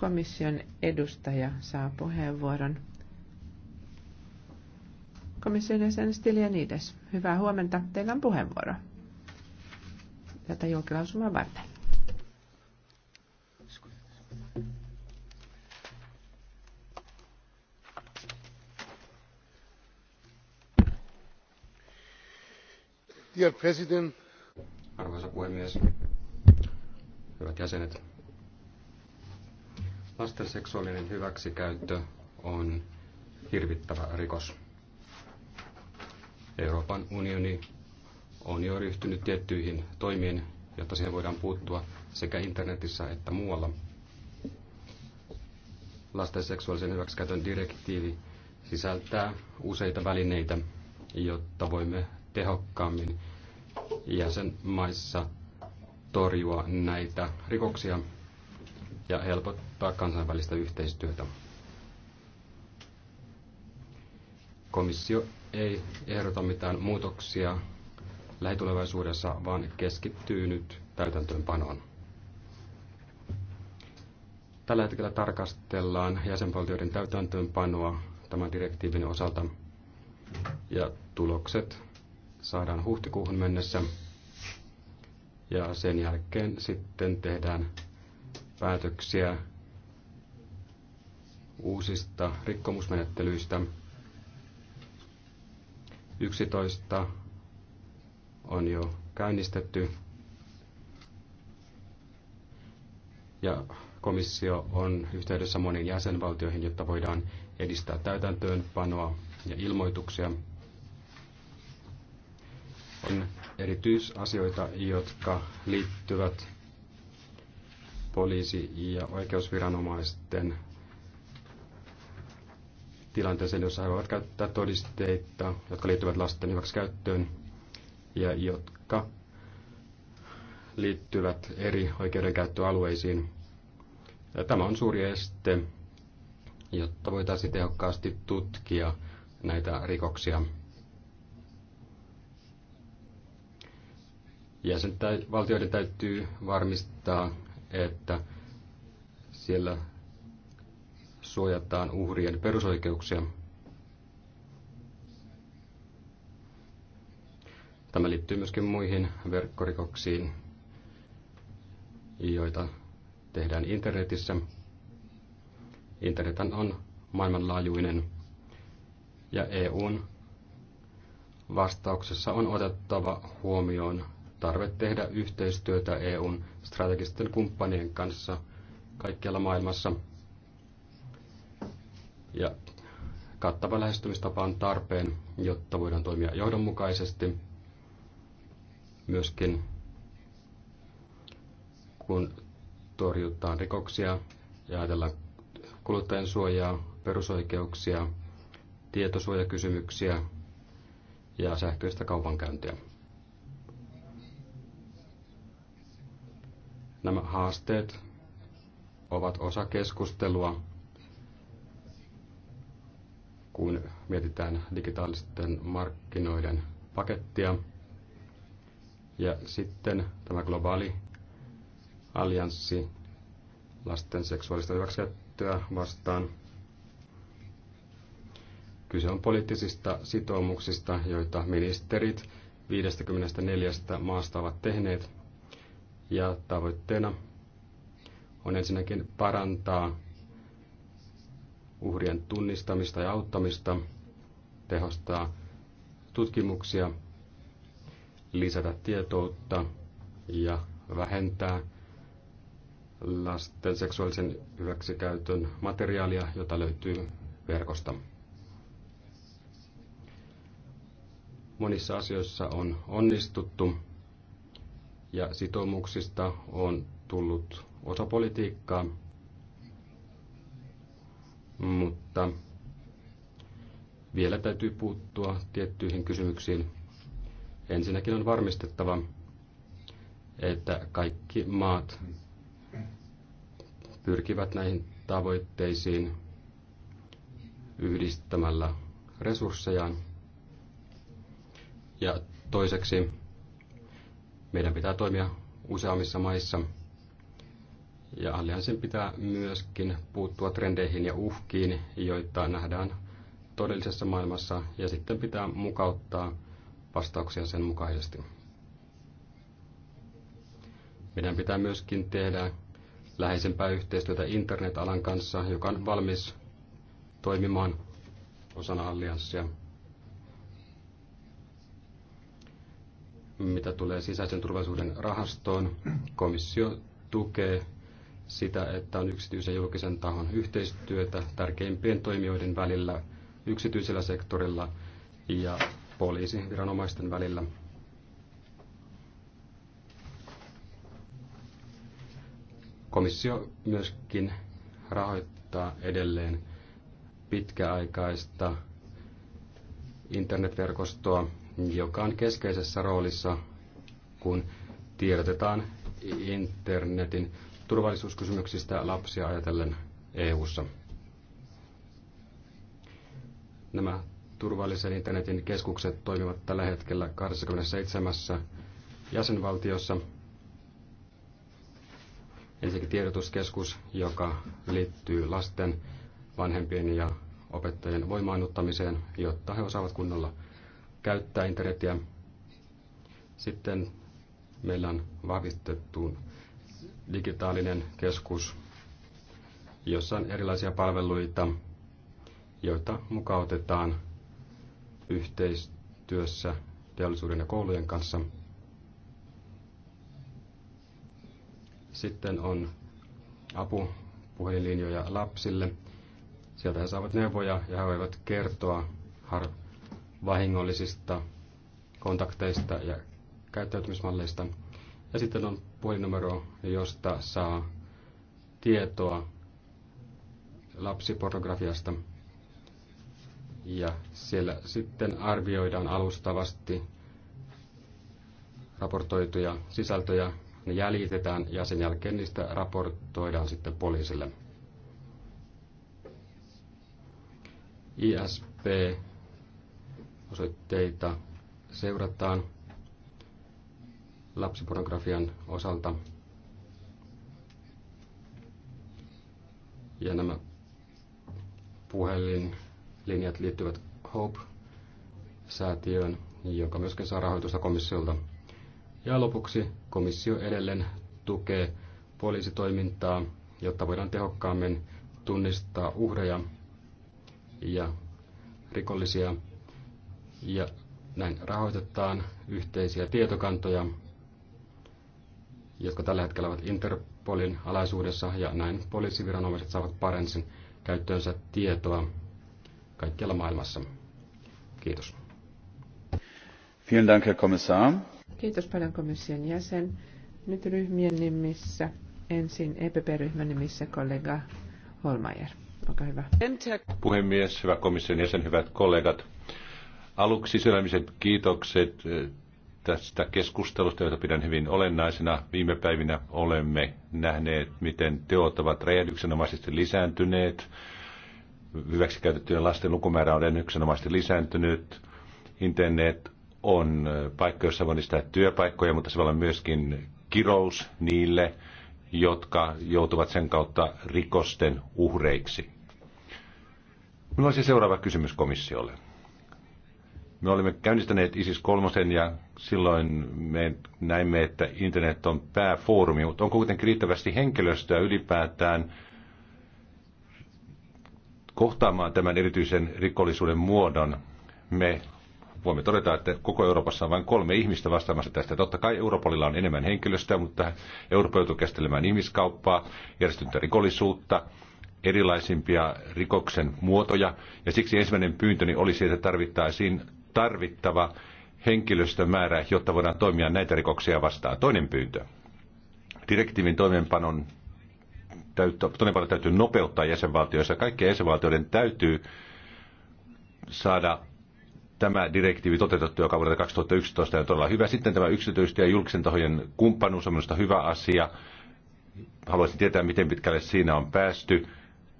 komission edustaja saa puheenvuoron. Komission jäsen Stylianides, hyvää huomenta. Teillä on puheenvuoro tätä julkilausumaa varten. Dear President. Arvoisa puhemies, hyvät jäsenet, Lasten seksuaalinen hyväksikäyttö on hirvittävä rikos. Euroopan unioni on jo ryhtynyt tiettyihin toimiin, jotta siihen voidaan puuttua sekä internetissä että muualla. Lasten seksuaalisen hyväksikäytön direktiivi sisältää useita välineitä, jotta voimme tehokkaammin jäsenmaissa torjua näitä rikoksia ja helpottaa kansainvälistä yhteistyötä. Komissio ei ehdota mitään muutoksia lähitulevaisuudessa, vaan keskittyy nyt täytäntöönpanoon. Tällä hetkellä tarkastellaan jäsenvaltioiden täytäntöönpanoa tämän direktiivin osalta ja tulokset saadaan huhtikuuhun mennessä ja sen jälkeen sitten tehdään päätöksiä uusista rikkomusmenettelyistä. 11 on jo käynnistetty ja komissio on yhteydessä moniin jäsenvaltioihin, jotta voidaan edistää täytäntöönpanoa ja ilmoituksia. On erityisasioita, jotka liittyvät poliisi- ja oikeusviranomaisten tilanteeseen, jossa he voivat käyttää todisteita, jotka liittyvät lasten hyväksikäyttöön ja jotka liittyvät eri oikeudenkäyttöalueisiin. Ja tämä on suuri este, jotta voitaisiin tehokkaasti tutkia näitä rikoksia. valtioiden täytyy varmistaa että siellä suojataan uhrien perusoikeuksia. Tämä liittyy myöskin muihin verkkorikoksiin, joita tehdään internetissä. Internet on maailmanlaajuinen ja EUn vastauksessa on otettava huomioon tarve tehdä yhteistyötä EUn strategisten kumppanien kanssa kaikkialla maailmassa. Ja kattava lähestymistapa on tarpeen, jotta voidaan toimia johdonmukaisesti myöskin kun torjutaan rikoksia ja ajatellaan kuluttajan suojaa, perusoikeuksia, tietosuojakysymyksiä ja sähköistä kaupankäyntiä. Nämä haasteet ovat osa keskustelua, kun mietitään digitaalisten markkinoiden pakettia. Ja sitten tämä globaali allianssi lasten seksuaalista hyväksikäyttöä vastaan. Kyse on poliittisista sitoumuksista, joita ministerit 54 maasta ovat tehneet ja tavoitteena on ensinnäkin parantaa uhrien tunnistamista ja auttamista, tehostaa tutkimuksia, lisätä tietoutta ja vähentää lasten seksuaalisen hyväksikäytön materiaalia, jota löytyy verkosta. Monissa asioissa on onnistuttu ja sitoumuksista on tullut osa politiikkaa, mutta vielä täytyy puuttua tiettyihin kysymyksiin. Ensinnäkin on varmistettava, että kaikki maat pyrkivät näihin tavoitteisiin yhdistämällä resurssejaan. Ja toiseksi meidän pitää toimia useammissa maissa. Ja allianssin pitää myöskin puuttua trendeihin ja uhkiin, joita nähdään todellisessa maailmassa, ja sitten pitää mukauttaa vastauksia sen mukaisesti. Meidän pitää myöskin tehdä läheisempää yhteistyötä internetalan kanssa, joka on valmis toimimaan osana allianssia. mitä tulee sisäisen turvallisuuden rahastoon, komissio tukee sitä, että on yksityisen ja julkisen tahon yhteistyötä tärkeimpien toimijoiden välillä yksityisellä sektorilla ja poliisiviranomaisten välillä. Komissio myöskin rahoittaa edelleen pitkäaikaista internetverkostoa joka on keskeisessä roolissa, kun tiedotetaan internetin turvallisuuskysymyksistä lapsia ajatellen EU:ssa. Nämä turvallisen internetin keskukset toimivat tällä hetkellä 27 jäsenvaltiossa. Ensinnäkin tiedotuskeskus, joka liittyy lasten, vanhempien ja opettajien voimaannuttamiseen, jotta he osaavat kunnolla käyttää internetiä. Sitten meillä on vahvistettu digitaalinen keskus, jossa on erilaisia palveluita, joita mukautetaan yhteistyössä teollisuuden ja koulujen kanssa. Sitten on apupuhelinlinjoja lapsille. Sieltä he saavat neuvoja ja he voivat kertoa har- vahingollisista kontakteista ja käyttäytymismalleista. Ja sitten on puhelinnumero, josta saa tietoa lapsipornografiasta. Ja siellä sitten arvioidaan alustavasti raportoituja sisältöjä, ne jäljitetään ja sen jälkeen niistä raportoidaan sitten poliisille. ISP osoitteita seurataan lapsipornografian osalta. Ja nämä puhelinlinjat liittyvät Hope-säätiöön, joka myöskin saa rahoitusta komissiolta. Ja lopuksi komissio edelleen tukee poliisitoimintaa, jotta voidaan tehokkaammin tunnistaa uhreja ja rikollisia ja näin rahoitetaan yhteisiä tietokantoja, jotka tällä hetkellä ovat Interpolin alaisuudessa, ja näin poliisiviranomaiset saavat parensin käyttöönsä tietoa kaikkialla maailmassa. Kiitos. Vielen Dank, Herr Kommissar. Kiitos paljon komission jäsen. Nyt ryhmien nimissä, ensin EPP-ryhmän nimissä kollega Holmajer. Olkaa hyvä. Puhemies, hyvä komission jäsen, hyvät kollegat. Aluksi sydämiset kiitokset tästä keskustelusta, jota pidän hyvin olennaisena. Viime päivinä olemme nähneet, miten teot ovat räjähdyksenomaisesti lisääntyneet. Hyväksikäytettyjen lasten lukumäärä on räjähdyksenomaisesti lisääntynyt. Internet on paikka, jossa voi lisätä työpaikkoja, mutta se voi olla myöskin kirous niille, jotka joutuvat sen kautta rikosten uhreiksi. Minulla olisi seuraava kysymys komissiolle. Me olimme käynnistäneet ISIS kolmosen ja silloin me näimme, että internet on pääfoorumi, mutta on kuitenkin riittävästi henkilöstöä ylipäätään kohtaamaan tämän erityisen rikollisuuden muodon. Me voimme todeta, että koko Euroopassa on vain kolme ihmistä vastaamassa tästä. Totta kai Europolilla on enemmän henkilöstöä, mutta Eurooppa joutuu käsittelemään ihmiskauppaa, järjestyntä rikollisuutta, erilaisimpia rikoksen muotoja. Ja siksi ensimmäinen pyyntöni olisi, että tarvittaisiin tarvittava henkilöstömäärä, jotta voidaan toimia näitä rikoksia vastaan. Toinen pyyntö. Direktiivin toimeenpanon toimeenpano täytyy nopeuttaa jäsenvaltioissa. Kaikkien jäsenvaltioiden täytyy saada tämä direktiivi toteutettu, joka vuodelta 2011 on todella hyvä. Sitten tämä yksityistä ja julkisen tahojen kumppanuus on minusta hyvä asia. Haluaisin tietää, miten pitkälle siinä on päästy.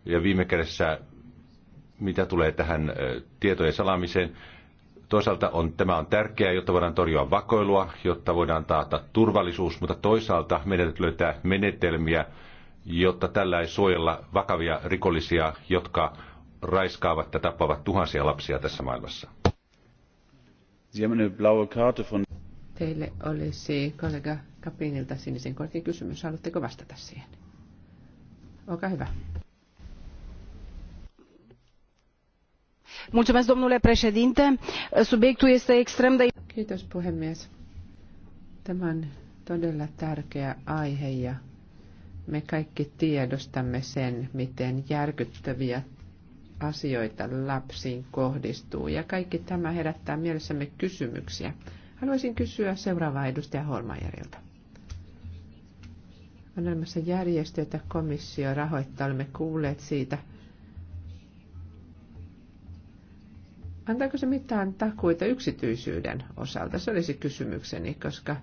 Ja viime kädessä, mitä tulee tähän tietojen salaamiseen, Toisaalta on, tämä on tärkeää, jotta voidaan torjua vakoilua, jotta voidaan taata turvallisuus, mutta toisaalta meidän löytää menetelmiä, jotta tällä ei suojella vakavia rikollisia, jotka raiskaavat ja tappavat tuhansia lapsia tässä maailmassa. Teille olisi kollega Kapinilta sinisen kortin kysymys. Haluatteko vastata siihen? Olkaa hyvä. domnule președinte subiectul este extrem de. Kiitos puhemies. Tämä on todella tärkeä aihe ja me kaikki tiedostamme sen, miten järkyttäviä asioita lapsiin kohdistuu ja kaikki tämä herättää mielessämme kysymyksiä. Haluaisin kysyä seuraavaa edustaja Holmajerilta. On olemassa järjestöitä, komissio rahoittaa, olemme kuulleet siitä – Antaako se mitään takuita yksityisyyden osalta? Se olisi kysymykseni, koska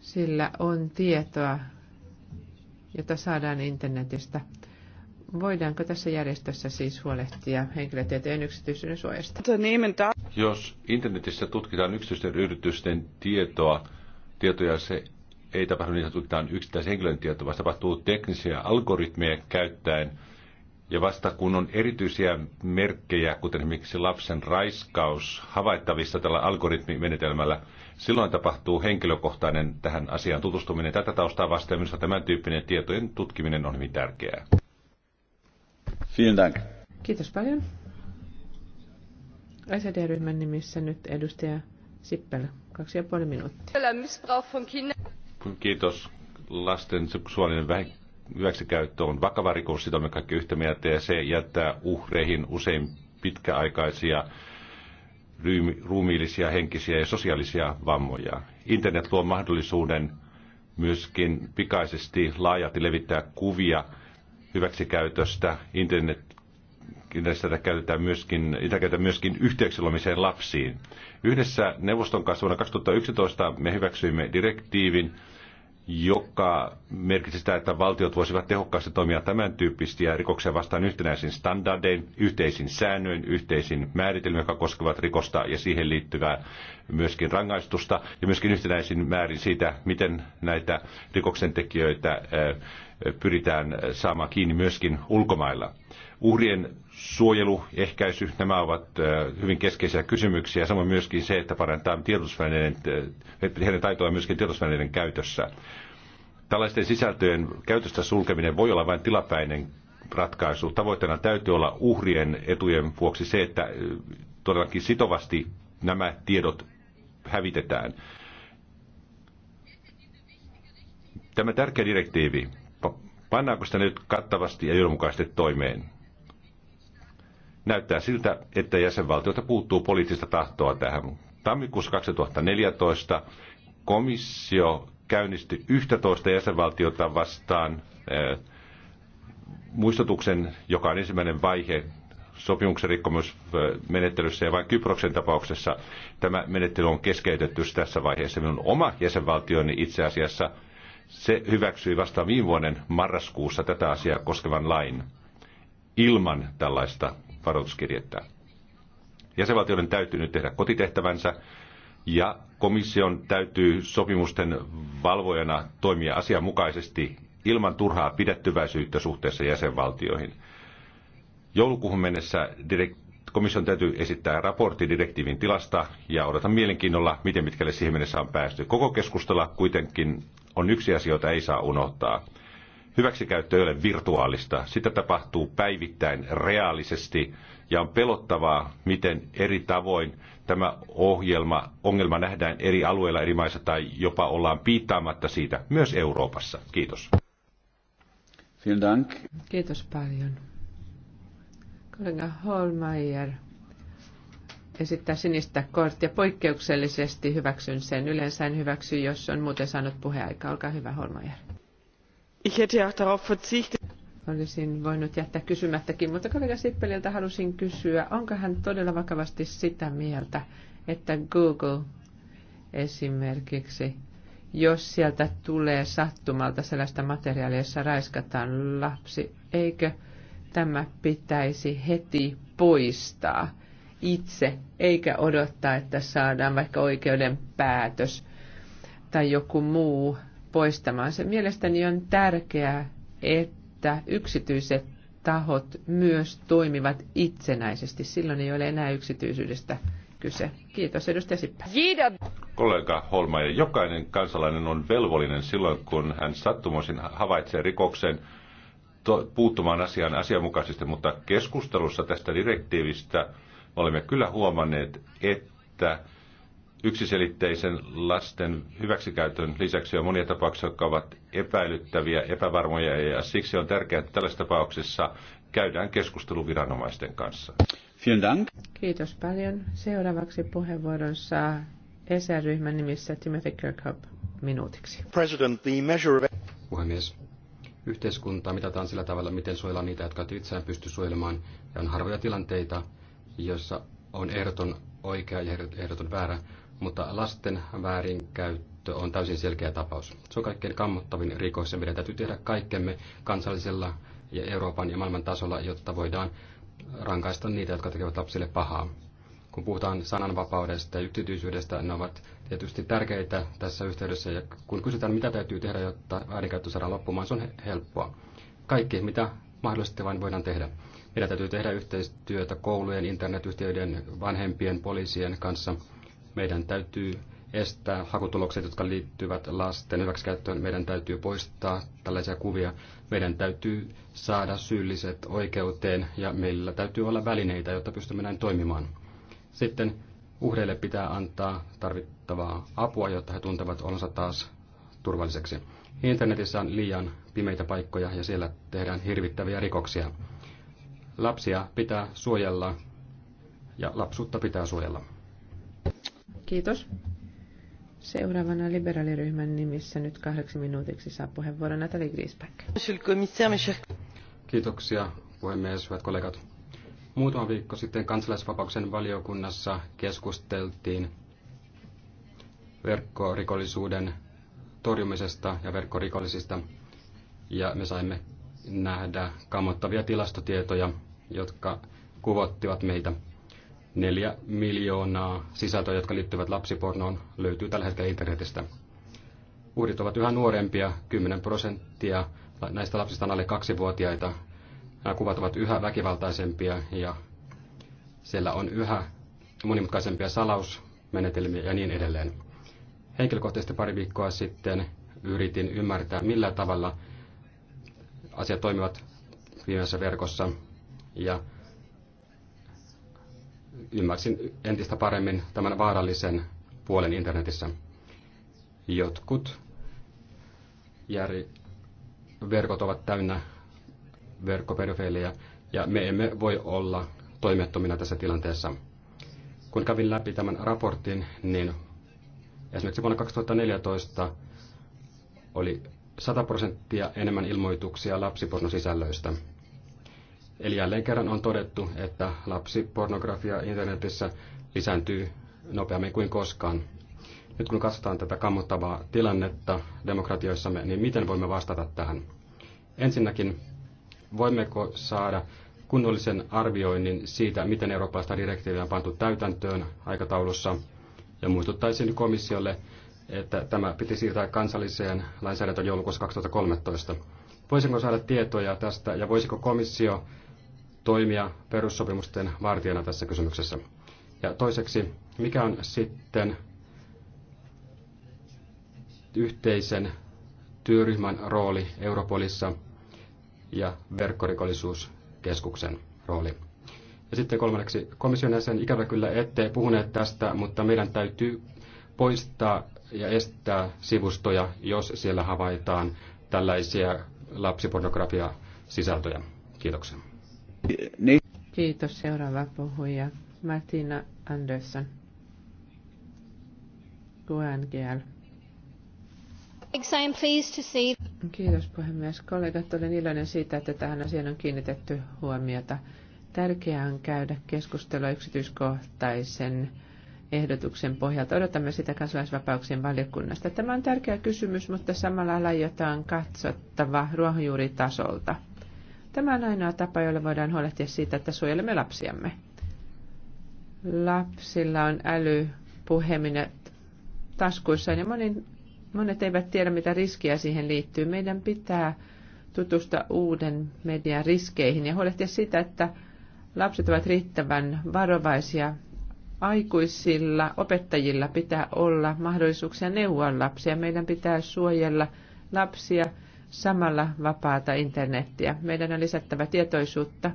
sillä on tietoa, jota saadaan internetistä. Voidaanko tässä järjestössä siis huolehtia henkilötietojen yksityisyyden suojasta? Jos internetissä tutkitaan yksityisten yritysten tietoa, tietoja se ei tapahdu niin, että tutkitaan yksittäisen henkilön tietoa, vaan tapahtuu teknisiä algoritmeja käyttäen – ja vasta kun on erityisiä merkkejä, kuten esimerkiksi lapsen raiskaus, havaittavissa tällä algoritmimenetelmällä, silloin tapahtuu henkilökohtainen tähän asiaan tutustuminen. Tätä taustaa vasten minusta tämän tyyppinen tietojen tutkiminen on hyvin tärkeää. Vielen Dank. Kiitos paljon. sd ryhmän nimissä nyt edustaja Sippel, kaksi ja puoli minuuttia. Kiitos. Lasten seksuaalinen väkivalta hyväksikäyttö on vakava rikos, sitä me kaikki yhtä mieltä, ja se jättää uhreihin usein pitkäaikaisia ruumiillisia, henkisiä ja sosiaalisia vammoja. Internet luo mahdollisuuden myöskin pikaisesti laajalti levittää kuvia hyväksikäytöstä. Internet Tätä käytetään myöskin, sitä käytetään myöskin yhteyksilomiseen lapsiin. Yhdessä neuvoston kanssa vuonna 2011 me hyväksyimme direktiivin, joka merkitsi sitä, että valtiot voisivat tehokkaasti toimia tämän tyyppisiä rikoksia vastaan yhtenäisin standardein, yhteisin säännöin, yhteisin määritelmiin, jotka koskevat rikosta ja siihen liittyvää myöskin rangaistusta ja myöskin yhtenäisin määrin siitä, miten näitä rikoksentekijöitä pyritään saamaan kiinni myöskin ulkomailla. Uhrien suojelu, ehkäisy, nämä ovat äh, hyvin keskeisiä kysymyksiä. Samoin myöskin se, että parantaa tiedotusvälineiden, äh, heidän taitoa myöskin tiedotusvälineiden käytössä. Tällaisten sisältöjen käytöstä sulkeminen voi olla vain tilapäinen ratkaisu. Tavoitteena täytyy olla uhrien etujen vuoksi se, että äh, todellakin sitovasti nämä tiedot hävitetään. Tämä tärkeä direktiivi Pannaanko sitä nyt kattavasti ja johdonmukaisesti toimeen? Näyttää siltä, että jäsenvaltiota puuttuu poliittista tahtoa tähän. Tammikuussa 2014 komissio käynnisti 11 jäsenvaltiota vastaan eh, muistutuksen, joka on ensimmäinen vaihe sopimuksen rikkomusmenettelyssä ja vain Kyproksen tapauksessa tämä menettely on keskeytetty tässä vaiheessa. Minun oma jäsenvaltioni itse asiassa se hyväksyi vasta viime vuoden marraskuussa tätä asiaa koskevan lain ilman tällaista varoituskirjettä. Jäsenvaltioiden täytyy nyt tehdä kotitehtävänsä ja komission täytyy sopimusten valvojana toimia asianmukaisesti ilman turhaa pidettyväisyyttä suhteessa jäsenvaltioihin. Joulukuuhun mennessä komission täytyy esittää raportti direktiivin tilasta ja odotan mielenkiinnolla, miten pitkälle siihen mennessä on päästy. Koko keskustella kuitenkin on yksi asia, jota ei saa unohtaa. Hyväksikäyttö ei ole virtuaalista. Sitä tapahtuu päivittäin reaalisesti ja on pelottavaa, miten eri tavoin tämä ohjelma, ongelma nähdään eri alueilla, eri maissa tai jopa ollaan piittaamatta siitä, myös Euroopassa. Kiitos. Vielen Dank. Kiitos paljon. Kollega Holmeier esittää sinistä korttia. Poikkeuksellisesti hyväksyn sen. Yleensä en hyväksy, jos on muuten saanut puheaika. Olkaa hyvä, Holmajer. Ich hätte ja darauf verzichtet. Olisin voinut jättää kysymättäkin, mutta kollega Sippeliltä halusin kysyä, onko hän todella vakavasti sitä mieltä, että Google esimerkiksi, jos sieltä tulee sattumalta sellaista materiaalia, jossa raiskataan lapsi, eikö tämä pitäisi heti poistaa? itse, eikä odottaa, että saadaan vaikka oikeuden päätös tai joku muu poistamaan se. Mielestäni on tärkeää, että yksityiset tahot myös toimivat itsenäisesti. Silloin ei ole enää yksityisyydestä kyse. Kiitos edustaja Sippä. Kollega ja jokainen kansalainen on velvollinen silloin, kun hän sattumoisin havaitsee rikoksen to, puuttumaan asiaan asianmukaisesti, mutta keskustelussa tästä direktiivistä olemme kyllä huomanneet, että yksiselitteisen lasten hyväksikäytön lisäksi on monia tapauksia, jotka ovat epäilyttäviä, epävarmoja ja siksi on tärkeää, että tällaisessa tapauksessa käydään keskustelu viranomaisten kanssa. Kiitos paljon. Seuraavaksi puheenvuoron saa ESR-ryhmän nimissä Timothy Kirkhope minuutiksi. President, the measure of... Puhemies, yhteiskuntaa mitataan sillä tavalla, miten suojellaan niitä, jotka itseään pysty suojelemaan, ja on harvoja tilanteita, jossa on ehdoton oikea ja ehdoton väärä, mutta lasten väärinkäyttö on täysin selkeä tapaus. Se on kaikkein kammottavin rikos ja meidän täytyy tehdä kaikkemme kansallisella ja Euroopan ja maailman tasolla, jotta voidaan rankaista niitä, jotka tekevät lapsille pahaa. Kun puhutaan sananvapaudesta ja yksityisyydestä, ne ovat tietysti tärkeitä tässä yhteydessä. Ja kun kysytään, mitä täytyy tehdä, jotta väärinkäyttö saadaan loppumaan, se on helppoa. Kaikki, mitä mahdollisesti vain voidaan tehdä. Meidän täytyy tehdä yhteistyötä koulujen, internetyhtiöiden, vanhempien, poliisien kanssa. Meidän täytyy estää hakutulokset, jotka liittyvät lasten hyväksikäyttöön. Meidän täytyy poistaa tällaisia kuvia. Meidän täytyy saada syylliset oikeuteen ja meillä täytyy olla välineitä, jotta pystymme näin toimimaan. Sitten uhreille pitää antaa tarvittavaa apua, jotta he tuntevat olonsa taas turvalliseksi. Internetissä on liian pimeitä paikkoja ja siellä tehdään hirvittäviä rikoksia. Lapsia pitää suojella ja lapsuutta pitää suojella. Kiitos. Seuraavana liberaaliryhmän nimissä nyt kahdeksi minuutiksi saa puheenvuoron Nathalie Griesbeck. Kiitoksia puhemies, hyvät kollegat. Muutama viikko sitten kansalaisvapauksen valiokunnassa keskusteltiin verkkorikollisuuden torjumisesta ja verkkorikollisista, ja me saimme nähdä kamottavia tilastotietoja, jotka kuvottivat meitä. Neljä miljoonaa sisältöä, jotka liittyvät lapsipornoon, löytyy tällä hetkellä internetistä. Uhrit ovat yhä nuorempia, 10 prosenttia näistä lapsista on alle kaksivuotiaita. Nämä kuvat ovat yhä väkivaltaisempia ja siellä on yhä monimutkaisempia salausmenetelmiä ja niin edelleen. Henkilökohtaisesti pari viikkoa sitten yritin ymmärtää, millä tavalla asiat toimivat viimeisessä verkossa ja ymmärsin entistä paremmin tämän vaarallisen puolen internetissä. Jotkut järi verkot ovat täynnä verkkopedofeilejä ja me emme voi olla toimettomina tässä tilanteessa. Kun kävin läpi tämän raportin, niin esimerkiksi vuonna 2014 oli 100 prosenttia enemmän ilmoituksia lapsipornosisällöistä. Eli jälleen kerran on todettu, että lapsipornografia internetissä lisääntyy nopeammin kuin koskaan. Nyt kun katsotaan tätä kammottavaa tilannetta demokratioissamme, niin miten voimme vastata tähän? Ensinnäkin, voimmeko saada kunnollisen arvioinnin siitä, miten eurooppalaista direktiiviä on pantu täytäntöön aikataulussa, ja muistuttaisin komissiolle, että tämä piti siirtää kansalliseen lainsäädäntöön joulukuussa 2013. Voisinko saada tietoja tästä ja voisiko komissio toimia perussopimusten vartijana tässä kysymyksessä? Ja toiseksi, mikä on sitten yhteisen työryhmän rooli Europolissa ja verkkorikollisuuskeskuksen rooli? Ja sitten kolmanneksi, komission jäsen ikävä kyllä ette puhuneet tästä, mutta meidän täytyy poistaa ja estää sivustoja, jos siellä havaitaan tällaisia lapsipornografia-sisältöjä. Kiitoksia. Kiitos. Seuraava puhuja Martina Andersson. QNGL. Kiitos puhemies. Kollegat, olen iloinen siitä, että tähän asiaan on kiinnitetty huomiota. Tärkeää on käydä keskustelua yksityiskohtaisen ehdotuksen pohjalta. Odotamme sitä kansalaisvapauksien valiokunnasta. Tämä on tärkeä kysymys, mutta samalla lajota on katsottava ruohonjuuritasolta. Tämä on ainoa tapa, jolla voidaan huolehtia siitä, että suojelemme lapsiamme. Lapsilla on äly, puheminet taskuissaan ja monin, monet eivät tiedä, mitä riskiä siihen liittyy. Meidän pitää tutusta uuden median riskeihin ja huolehtia siitä, että lapset ovat riittävän varovaisia aikuisilla opettajilla pitää olla mahdollisuuksia neuvoa lapsia. Meidän pitää suojella lapsia samalla vapaata internettiä. Meidän on lisättävä tietoisuutta.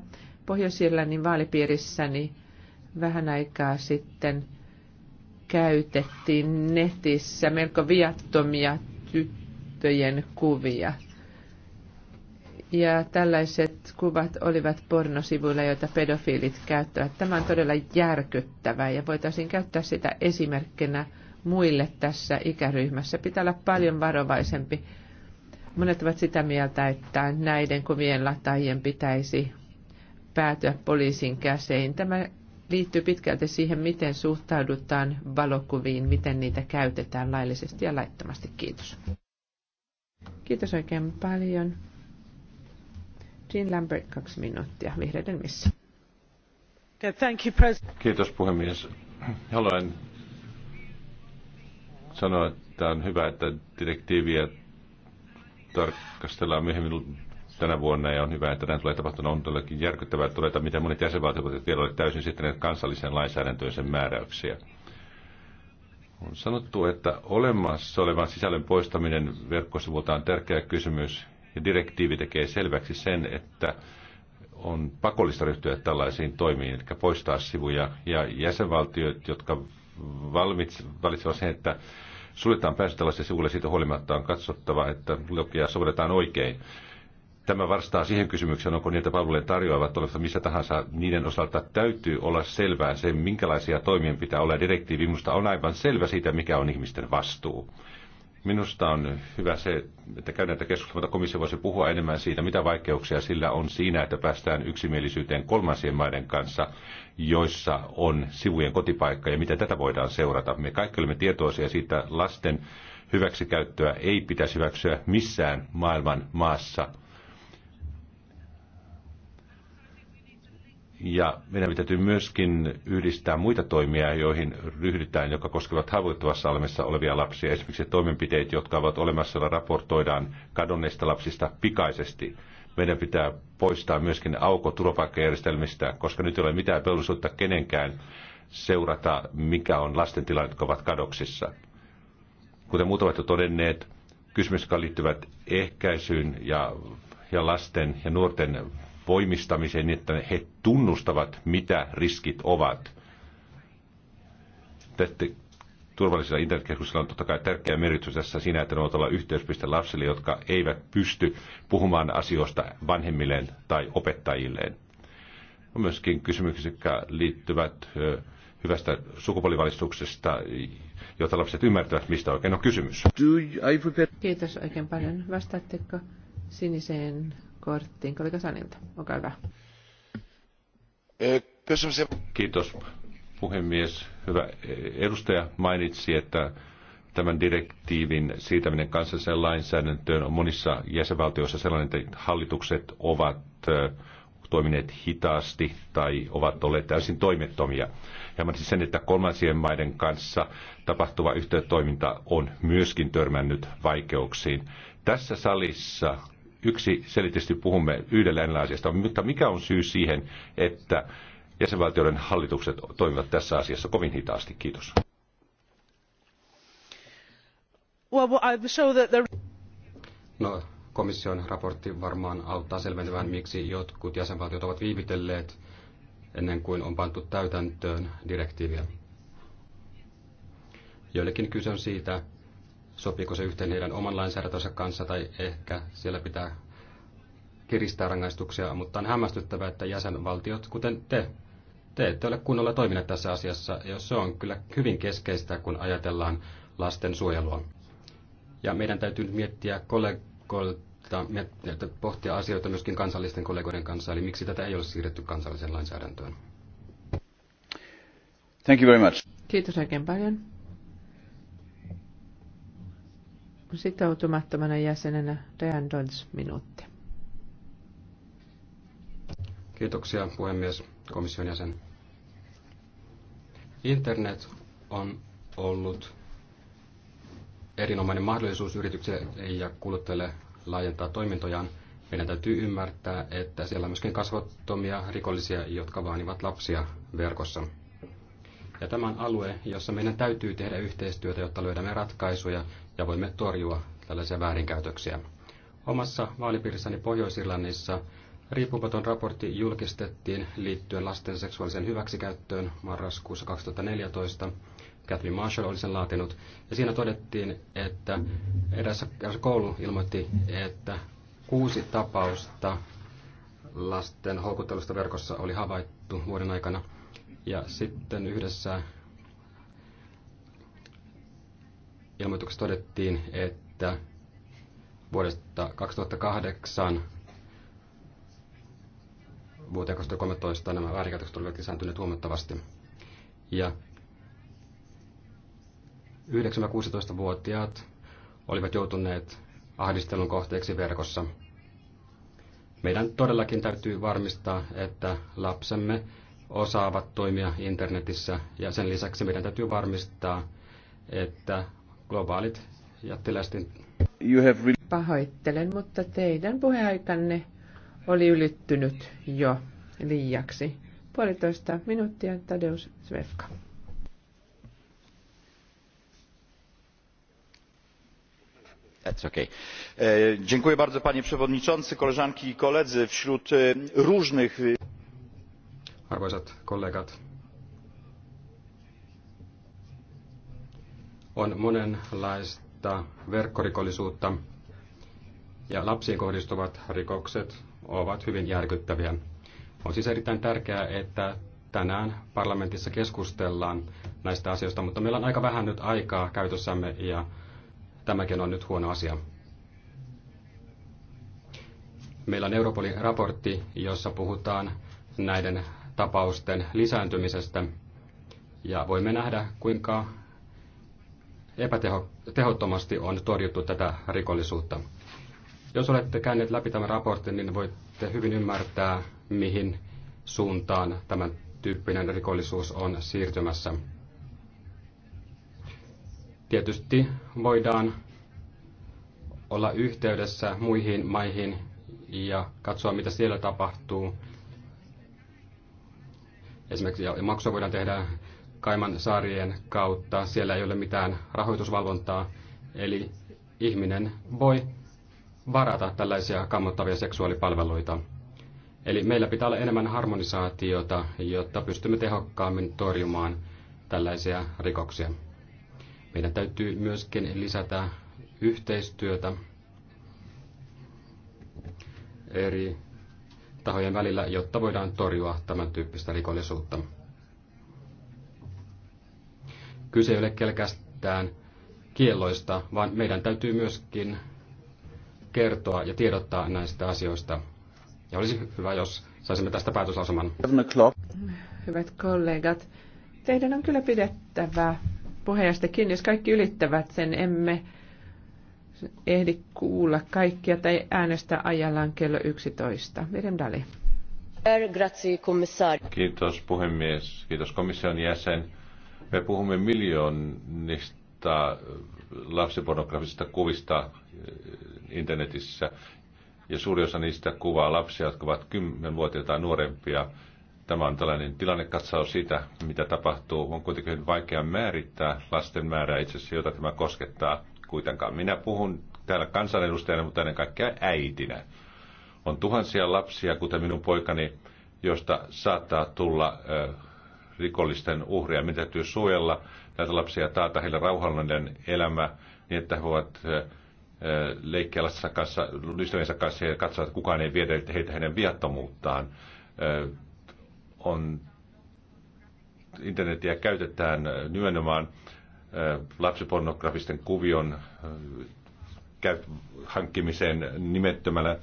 Pohjois-Irlannin vaalipiirissäni vähän aikaa sitten käytettiin netissä melko viattomia tyttöjen kuvia ja tällaiset kuvat olivat pornosivuilla, joita pedofiilit käyttävät. Tämä on todella järkyttävää ja voitaisiin käyttää sitä esimerkkinä muille tässä ikäryhmässä. Pitää olla paljon varovaisempi. Monet ovat sitä mieltä, että näiden kuvien lataajien pitäisi päätyä poliisin käsiin. Tämä liittyy pitkälti siihen, miten suhtaudutaan valokuviin, miten niitä käytetään laillisesti ja laittomasti. Kiitos. Kiitos oikein paljon. Jean Lambert, kaksi minuuttia, vihreiden missä. Kiitos puhemies. Haluan sanoa, että on hyvä, että direktiiviä tarkastellaan myöhemmin tänä vuonna ja on hyvä, että näin tulee tapahtumaan. On todellakin järkyttävää todeta, miten monet jäsenvaltiot ovat vielä täysin sitten kansalliseen lainsäädäntöön sen määräyksiä. On sanottu, että olemassa olevan sisällön poistaminen verkkosivulta on tärkeä kysymys ja direktiivi tekee selväksi sen, että on pakollista ryhtyä tällaisiin toimiin, eli poistaa sivuja. Ja jäsenvaltiot, jotka valitsevat sen, että suljetaan pääsy tällaisille sivuille, siitä huolimatta on katsottava, että lakia sovelletaan oikein. Tämä vastaa siihen kysymykseen, onko niitä palvelujen tarjoavat olevat missä tahansa, niiden osalta täytyy olla selvää se, minkälaisia toimien pitää olla. Direktiivi minusta on aivan selvä siitä, mikä on ihmisten vastuu. Minusta on hyvä se, että käydään tätä keskustelua, mutta komissio voisi puhua enemmän siitä, mitä vaikeuksia sillä on siinä, että päästään yksimielisyyteen kolmansien maiden kanssa, joissa on sivujen kotipaikka ja miten tätä voidaan seurata. Me kaikki olemme tietoisia siitä, lasten hyväksikäyttöä ei pitäisi hyväksyä missään maailman maassa – Ja meidän täytyy myöskin yhdistää muita toimia, joihin ryhdytään, jotka koskevat haavoittuvassa olemassa olevia lapsia. Esimerkiksi toimenpiteet, jotka ovat olemassa, joilla raportoidaan kadonneista lapsista pikaisesti. Meidän pitää poistaa myöskin auko turvapaikkajärjestelmistä, koska nyt ei ole mitään velvollisuutta kenenkään seurata, mikä on lasten tilanne, jotka ovat kadoksissa. Kuten muut ovat jo todenneet, kysymykset, jotka liittyvät ehkäisyyn ja, ja lasten ja nuorten voimistamiseen, niin että he tunnustavat, mitä riskit ovat. Tätä turvallisella internetkeskuksella on totta kai tärkeä merkitys tässä siinä, että ne ovat olla yhteyspiste lapsille, jotka eivät pysty puhumaan asioista vanhemmilleen tai opettajilleen. On myöskin kysymyksiä, jotka liittyvät hyvästä sukupuolivalistuksesta, jotta lapset ymmärtävät, mistä oikein on kysymys. Kiitos oikein paljon. Vastaatteko siniseen korttiin Oliko Sanilta. Olkaa hyvä. Kiitos puhemies. Hyvä edustaja mainitsi, että tämän direktiivin siirtäminen kansalliseen lainsäädäntöön on monissa jäsenvaltioissa sellainen, että hallitukset ovat toimineet hitaasti tai ovat olleet täysin toimettomia. Ja mä sen, että kolmansien maiden kanssa tapahtuva yhteystoiminta on myöskin törmännyt vaikeuksiin. Tässä salissa yksi selitysti puhumme yhdellä äänellä asiasta, mutta mikä on syy siihen, että jäsenvaltioiden hallitukset toimivat tässä asiassa kovin hitaasti? Kiitos. No, komission raportti varmaan auttaa selventämään, miksi jotkut jäsenvaltiot ovat viivitelleet ennen kuin on pantu täytäntöön direktiiviä. Joillekin kyse on siitä, sopiiko se yhteen heidän oman lainsäädäntönsä kanssa tai ehkä siellä pitää kiristää rangaistuksia, mutta on hämmästyttävää, että jäsenvaltiot, kuten te, te ette ole kunnolla toimineet tässä asiassa, ja se on kyllä hyvin keskeistä, kun ajatellaan lasten suojelua. Ja meidän täytyy nyt miettiä kollegoilta, miettiä, pohtia asioita myöskin kansallisten kollegoiden kanssa, eli miksi tätä ei ole siirretty kansalliseen lainsäädäntöön. Thank you very much. Kiitos oikein paljon. Sitoutumattomana jäsenenä Dejan Dodds minuutti. Kiitoksia puhemies, komission jäsen. Internet on ollut erinomainen mahdollisuus yrityksille ja kuluttajille laajentaa toimintojaan. Meidän täytyy ymmärtää, että siellä on myöskin kasvottomia rikollisia, jotka vaanivat lapsia verkossa. Ja tämän alue, jossa meidän täytyy tehdä yhteistyötä, jotta löydämme ratkaisuja ja voimme torjua tällaisia väärinkäytöksiä. Omassa vaalipiirissäni Pohjois-Irlannissa riippumaton raportti julkistettiin liittyen lasten seksuaaliseen hyväksikäyttöön marraskuussa 2014. Catherine Marshall oli sen laatinut, ja siinä todettiin, että edessä koulu ilmoitti, että kuusi tapausta lasten houkuttelusta verkossa oli havaittu vuoden aikana – ja sitten yhdessä ilmoituksessa todettiin, että vuodesta 2008 vuoteen 2013 nämä väärinkäytökset olivat lisääntyneet huomattavasti. Ja 9-16-vuotiaat olivat joutuneet ahdistelun kohteeksi verkossa. Meidän todellakin täytyy varmistaa, että lapsemme osaavat toimia internetissä ja sen lisäksi meidän täytyy varmistaa, että globaalit jättiläisten... You Pahoittelen, mutta teidän puheaikanne oli ylittynyt jo liiaksi. Puolitoista minuuttia, Tadeus Svefka. E, panie przewodniczący! koleżanki i koledzy! wśród e, różnych arvoisat kollegat. On monenlaista verkkorikollisuutta ja lapsiin kohdistuvat rikokset ovat hyvin järkyttäviä. On siis erittäin tärkeää, että tänään parlamentissa keskustellaan näistä asioista, mutta meillä on aika vähän nyt aikaa käytössämme ja tämäkin on nyt huono asia. Meillä on Europolin raportti, jossa puhutaan näiden tapausten lisääntymisestä ja voimme nähdä, kuinka epätehottomasti on torjuttu tätä rikollisuutta. Jos olette käyneet läpi tämän raportin, niin voitte hyvin ymmärtää, mihin suuntaan tämän tyyppinen rikollisuus on siirtymässä. Tietysti voidaan olla yhteydessä muihin maihin ja katsoa, mitä siellä tapahtuu Esimerkiksi ja maksua voidaan tehdä Kaiman saarien kautta. Siellä ei ole mitään rahoitusvalvontaa. Eli ihminen voi varata tällaisia kammottavia seksuaalipalveluita. Eli meillä pitää olla enemmän harmonisaatiota, jotta pystymme tehokkaammin torjumaan tällaisia rikoksia. Meidän täytyy myöskin lisätä yhteistyötä eri tahojen välillä, jotta voidaan torjua tämän tyyppistä rikollisuutta. Kyse ei ole pelkästään kielloista, vaan meidän täytyy myöskin kertoa ja tiedottaa näistä asioista. Ja olisi hyvä, jos saisimme tästä päätöslausuman. Hyvät kollegat, teidän on kyllä pidettävä puheenjohtajakin, jos kaikki ylittävät sen, emme ehdi kuulla kaikkia tai äänestää ajallaan kello 11. Miriam Dali. Kiitos puhemies, kiitos komission jäsen. Me puhumme miljoonista lapsipornografisista kuvista eh, internetissä ja suuri osa niistä kuvaa lapsia, jotka ovat 10-vuotiaita tai nuorempia. Tämä on tällainen tilannekatsaus siitä, mitä tapahtuu. On kuitenkin vaikea määrittää lasten määrää itse asiassa, jota tämä koskettaa kuitenkaan. Minä puhun täällä kansanedustajana, mutta ennen kaikkea äitinä. On tuhansia lapsia, kuten minun poikani, josta saattaa tulla ö, rikollisten uhria. Meidän täytyy suojella näitä lapsia ja taata heille rauhallinen elämä niin, että he voivat ö, leikkiä lastensa kanssa, ystäviensä kanssa ja katsoa, että kukaan ei viedä heitä heidän viattomuuttaan. Ö, on, internetiä käytetään nimenomaan lapsipornografisten kuvion hankkimiseen nimettömällä.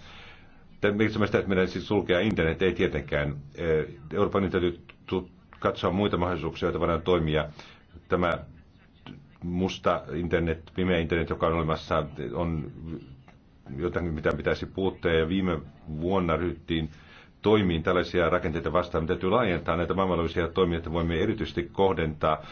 Tämä sitä, että meidän siis sulkea internet, ei tietenkään. Euroopan täytyy katsoa muita mahdollisuuksia, joita voidaan toimia. Tämä musta internet, pimeä internet, joka on olemassa, on jotakin, mitä pitäisi puuttua. Ja viime vuonna ryhdyttiin toimiin tällaisia rakenteita vastaan. Me täytyy laajentaa näitä maailmanlaajuisia toimia, että voimme erityisesti kohdentaa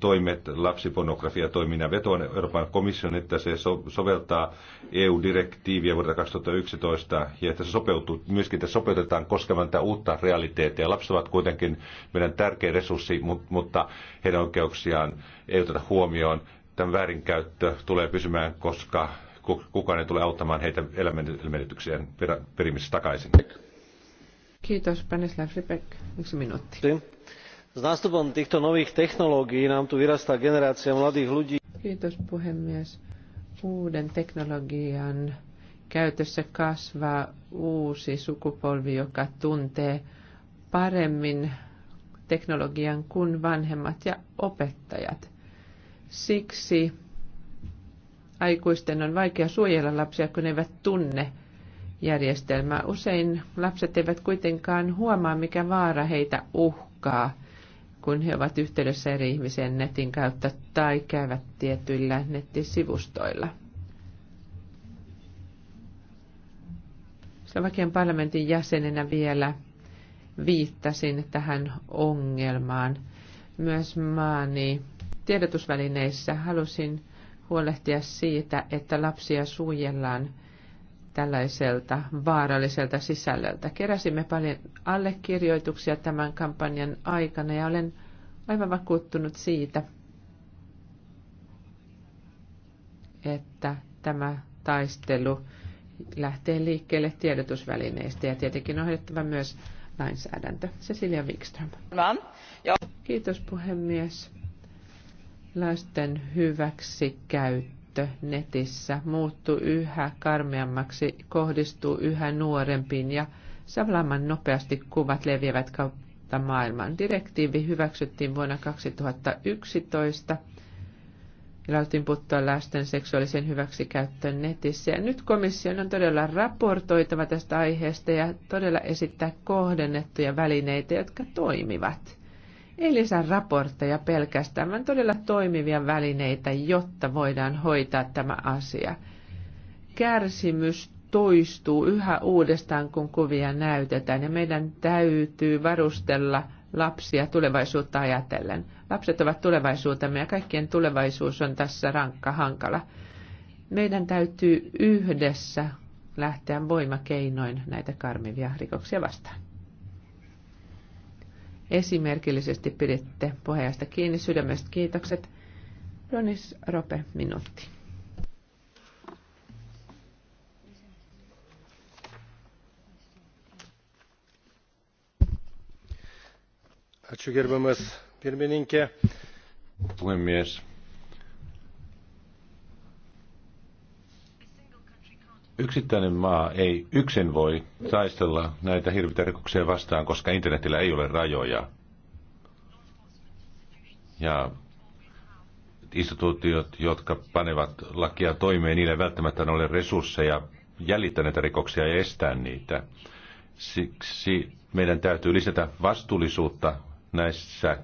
toimet lapsipornografia toiminnan vetoon Euroopan komission, että se so- soveltaa EU-direktiiviä vuodelta 2011 ja että se sopeutuu, myöskin että sopeutetaan koskevan tätä uutta realiteettia. Lapset ovat kuitenkin meidän tärkeä resurssi, mutta heidän oikeuksiaan ei oteta huomioon. Tämän väärinkäyttö tulee pysymään, koska kukaan ei tule auttamaan heitä elämänmenetyksien perimisessä takaisin. Kiitos, Panislav Ripek. Yksi minuutti. Niin s nástupom týchto nových technológií nám tu vyrastá generácia mladých ľudí. Kiitos puhemies. Uuden teknologian käytössä kasvaa uusi sukupolvi, joka tuntee paremmin teknologian kuin vanhemmat ja opettajat. Siksi aikuisten on vaikea suojella lapsia, kun ne eivät tunne järjestelmää. Usein lapset eivät kuitenkaan huomaa, mikä vaara heitä uhkaa kun he ovat yhteydessä eri ihmiseen netin kautta tai käyvät tietyillä nettisivustoilla. Slovakian parlamentin jäsenenä vielä viittasin tähän ongelmaan. Myös maani tiedotusvälineissä halusin huolehtia siitä, että lapsia suojellaan tällaiselta vaaralliselta sisällöltä. Keräsimme paljon allekirjoituksia tämän kampanjan aikana ja olen aivan vakuuttunut siitä, että tämä taistelu lähtee liikkeelle tiedotusvälineistä ja tietenkin on ohjattava myös lainsäädäntö. Cecilia Wikström. Kiitos puhemies. Lasten hyväksi käyttö käyttö netissä muuttuu yhä karmeammaksi, kohdistuu yhä nuorempiin ja savlaaman nopeasti kuvat leviävät kautta maailman. Direktiivi hyväksyttiin vuonna 2011 ja oltiin puuttua lasten seksuaalisen hyväksikäyttöön netissä. Ja nyt komission on todella raportoitava tästä aiheesta ja todella esittää kohdennettuja välineitä, jotka toimivat ei lisää raportteja pelkästään, vaan todella toimivia välineitä, jotta voidaan hoitaa tämä asia. Kärsimys toistuu yhä uudestaan, kun kuvia näytetään, ja meidän täytyy varustella lapsia tulevaisuutta ajatellen. Lapset ovat tulevaisuutemme ja kaikkien tulevaisuus on tässä rankka hankala. Meidän täytyy yhdessä lähteä voimakeinoin näitä karmivia rikoksia vastaan esimerkillisesti piditte puheenjohtajasta kiinni. Sydämestä kiitokset. Ronis Rope, minuutti. gerbiamas pirmininke puhemies Yksittäinen maa ei yksin voi taistella näitä hirvitä rikoksia vastaan, koska internetillä ei ole rajoja. Ja instituutiot, jotka panevat lakia toimeen, niillä välttämättä ole resursseja jäljittää näitä rikoksia ja estää niitä. Siksi meidän täytyy lisätä vastuullisuutta näissä,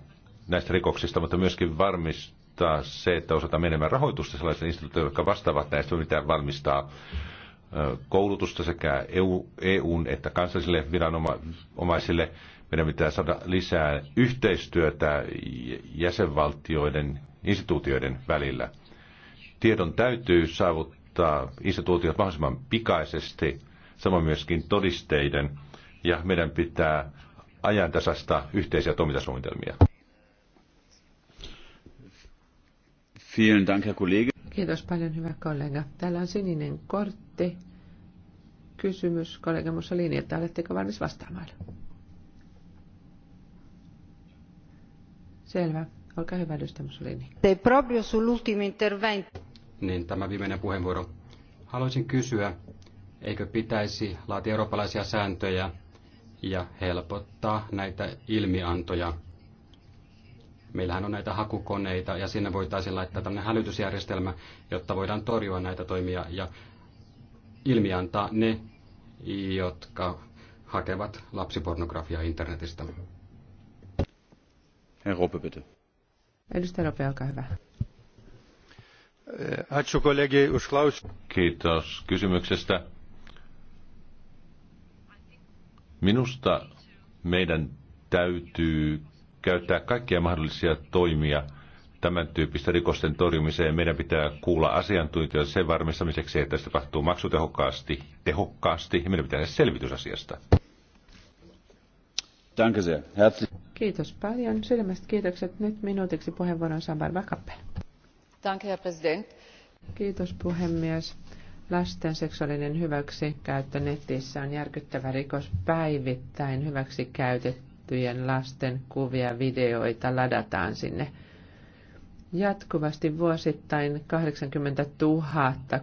näistä rikoksista, mutta myöskin varmistaa se, että osataan menemään rahoitusta sellaisille instituutioille, jotka vastaavat näistä, mitä valmistaa koulutusta sekä EU, EUn että kansallisille viranomaisille. Meidän pitää saada lisää yhteistyötä jäsenvaltioiden instituutioiden välillä. Tiedon täytyy saavuttaa instituutiot mahdollisimman pikaisesti, samoin myöskin todisteiden, ja meidän pitää ajantasasta yhteisiä toimintasuunnitelmia. Vielen Dank, Herr Kollege. Kiitos paljon, hyvä kollega. Täällä on sininen kortti sitten kysymys kollegamossa Mussolini, että oletteko valmis vastaamaan? Selvä. Olkaa hyvä, edustamassa linja. Te proprio sull'ultimo intervento. Niin, tämä viimeinen puheenvuoro. Haluaisin kysyä, eikö pitäisi laatia eurooppalaisia sääntöjä ja helpottaa näitä ilmiantoja. Meillähän on näitä hakukoneita ja sinne voitaisiin laittaa tämmöinen hälytysjärjestelmä, jotta voidaan torjua näitä toimia ja ilmiantaa ne, jotka hakevat lapsipornografiaa internetistä. Herra Roppe, bitte. Edustaja Roppe, olkaa hyvä. Eh, Kiitos kysymyksestä. Minusta meidän täytyy käyttää kaikkia mahdollisia toimia – tämän tyyppistä rikosten torjumiseen. Meidän pitää kuulla asiantuntijoita sen varmistamiseksi, että se tapahtuu maksutehokkaasti tehokkaasti, ja meidän pitää tehdä selvitys asiasta. Kiitos paljon. Sydämestä kiitokset. Nyt minuutiksi puheenvuoron saa Barbara Kappel. Kiitos puhemies. Lasten seksuaalinen hyväksikäyttö netissä on järkyttävä rikos. Päivittäin hyväksikäytettyjen lasten kuvia, videoita ladataan sinne Jatkuvasti vuosittain 80 000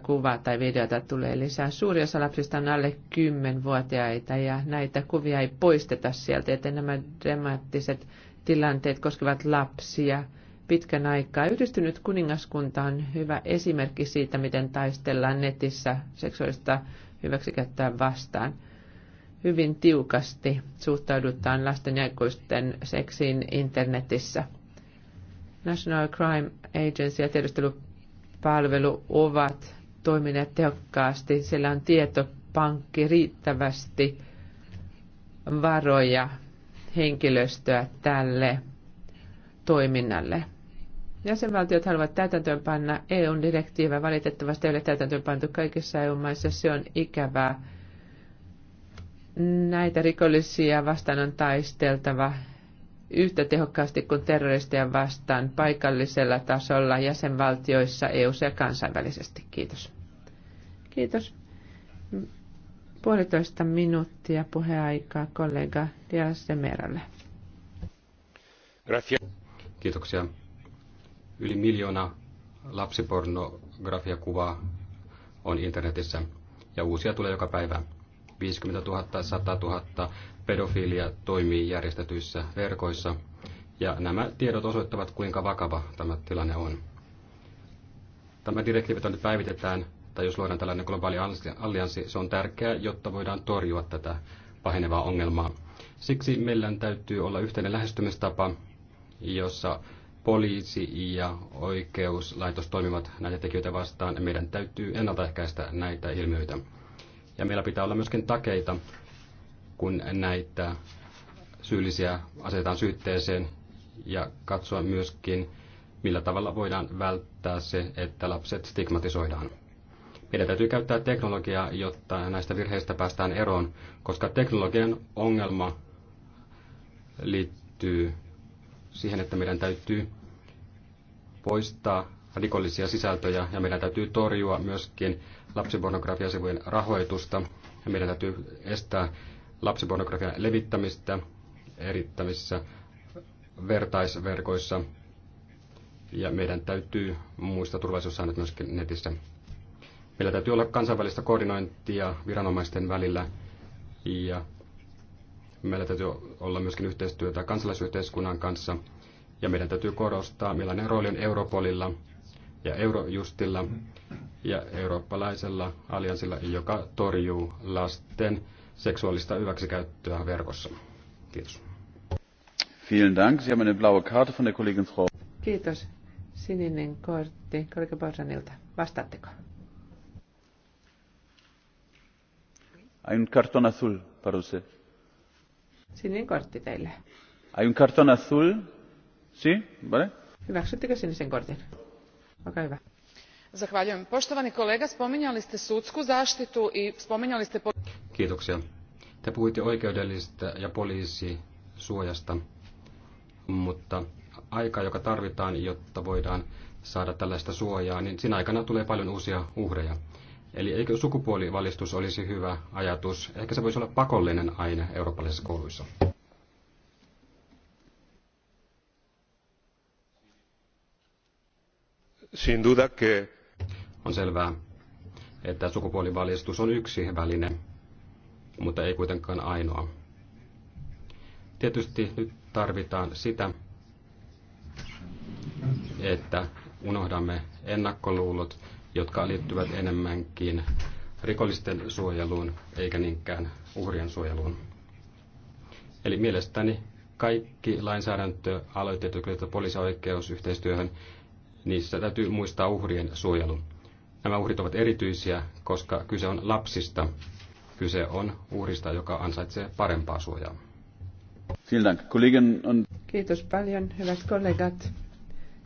kuvaa tai videota tulee lisää. Suuri osa lapsista on alle 10-vuotiaita ja näitä kuvia ei poisteta sieltä, joten nämä dramaattiset tilanteet koskevat lapsia pitkän aikaa. Yhdistynyt kuningaskunta on hyvä esimerkki siitä, miten taistellaan netissä seksuaalista hyväksikäyttöä vastaan. Hyvin tiukasti suhtaudutaan lasten ja aikuisten seksiin internetissä National Crime Agency ja tiedustelupalvelu ovat toimineet tehokkaasti. Siellä on tietopankki riittävästi varoja, henkilöstöä tälle toiminnalle. Jäsenvaltiot haluavat täytäntöönpanna EUn direktiivä. Valitettavasti ei ole täytäntöönpantu kaikissa EU-maissa. Se on ikävää. Näitä rikollisia vastaan on taisteltava yhtä tehokkaasti kuin terroristeja vastaan paikallisella tasolla, jäsenvaltioissa, eu ja kansainvälisesti. Kiitos. Kiitos. Puolitoista minuuttia puheaikaa kollega Dias de Kiitoksia. Yli miljoona lapsipornografiakuvaa on internetissä ja uusia tulee joka päivä. 50 000, 100 000, pedofiilia toimii järjestetyissä verkoissa, ja nämä tiedot osoittavat, kuinka vakava tämä tilanne on. Tämä direktiivi nyt päivitetään, tai jos luodaan tällainen globaali allianssi, se on tärkeää, jotta voidaan torjua tätä pahenevaa ongelmaa. Siksi meillä täytyy olla yhteinen lähestymistapa, jossa poliisi ja oikeuslaitos toimivat näitä tekijöitä vastaan. Meidän täytyy ennaltaehkäistä näitä ilmiöitä. Ja meillä pitää olla myöskin takeita, kun näitä syyllisiä asetetaan syytteeseen ja katsoa myöskin, millä tavalla voidaan välttää se, että lapset stigmatisoidaan. Meidän täytyy käyttää teknologiaa, jotta näistä virheistä päästään eroon, koska teknologian ongelma liittyy siihen, että meidän täytyy poistaa rikollisia sisältöjä ja meidän täytyy torjua myöskin lapsipornografiasivujen rahoitusta ja meidän täytyy estää lapsipornografian levittämistä erittävissä vertaisverkoissa. Ja meidän täytyy muistaa turvallisuussäännöt myöskin netissä. Meillä täytyy olla kansainvälistä koordinointia viranomaisten välillä ja meillä täytyy olla myöskin yhteistyötä kansalaisyhteiskunnan kanssa. Ja meidän täytyy korostaa, millainen rooli on Europolilla ja Eurojustilla ja eurooppalaisella allianssilla, joka torjuu lasten seksuaalista hyväksikäyttöä verkossa. Kiitos. Vielen Dank. Sie haben eine blaue Karte von der Kollegin Frau. Kiitos. Sininen kortti kollega Borsanilta. Vastaatteko? Ein karton azul para Sininen kortti teille. Ein karton azul. Si, vale. Hyväksyttekö sinisen kortin? Olkaa hyvä. Poštovani kollega, spominjali ste sudsku zaštitu i spominjali ste... Kiitoksia. Te puhuitte oikeudellisesta ja poliisisuojasta, mutta aika, joka tarvitaan, jotta voidaan saada tällaista suojaa, niin siinä aikana tulee paljon uusia uhreja. Eli eikö sukupuolivalistus olisi hyvä ajatus? Ehkä se voisi olla pakollinen aine eurooppalaisissa kouluissa. Sin duda que on selvää, että sukupuolivalistus on yksi väline, mutta ei kuitenkaan ainoa. Tietysti nyt tarvitaan sitä, että unohdamme ennakkoluulot, jotka liittyvät enemmänkin rikollisten suojeluun eikä niinkään uhrien suojeluun. Eli mielestäni kaikki lainsäädäntö, aloitteet, poliisioikeusyhteistyöhön, niissä täytyy muistaa uhrien suojelu. Nämä uhrit ovat erityisiä, koska kyse on lapsista. Kyse on uhrista, joka ansaitsee parempaa suojaa. Kiitos paljon, hyvät kollegat.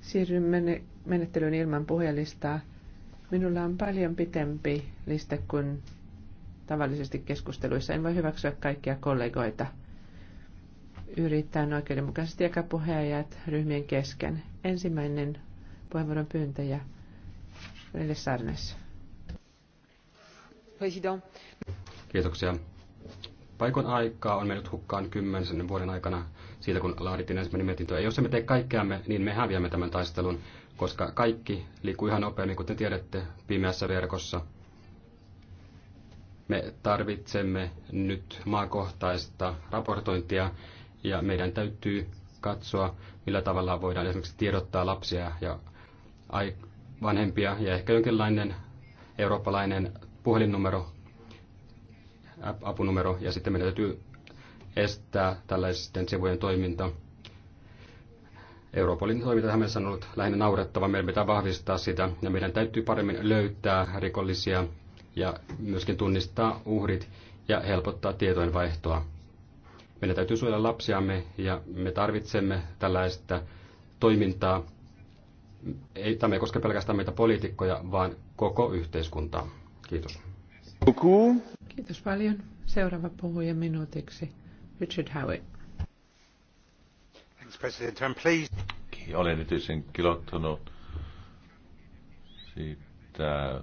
Siirrymme menettelyyn ilman puhelistaa. Minulla on paljon pitempi lista kuin tavallisesti keskusteluissa. En voi hyväksyä kaikkia kollegoita. Yritän oikeudenmukaisesti jakaa puheenjohtajat ryhmien kesken. Ensimmäinen puheenvuoron pyyntäjä Kiitoksia. Paikon aikaa on mennyt hukkaan kymmenisen vuoden aikana siitä, kun laadittiin ensimmäinen mietintö. Ja jos emme tee kaikkeamme, niin me häviämme tämän taistelun, koska kaikki liikkuu ihan nopeammin, kuten tiedätte, pimeässä verkossa. Me tarvitsemme nyt maakohtaista raportointia ja meidän täytyy katsoa, millä tavalla voidaan esimerkiksi tiedottaa lapsia ja vanhempia ja ehkä jonkinlainen eurooppalainen puhelinnumero, apunumero, ja sitten meidän täytyy estää tällaisten sivujen toiminta. Europolin toiminta tähän mennessä on ollut lähinnä naurettava. Meidän pitää vahvistaa sitä ja meidän täytyy paremmin löytää rikollisia ja myöskin tunnistaa uhrit ja helpottaa tietojenvaihtoa. Meidän täytyy suojella lapsiamme ja me tarvitsemme tällaista toimintaa, ei, tämä ei koske pelkästään meitä poliitikkoja, vaan koko yhteiskuntaa. Kiitos. Kiitos paljon. Seuraava puhuja minuutiksi. Richard Howitt. Thanks, President. I'm pleased. Olen erityisen kilottunut siitä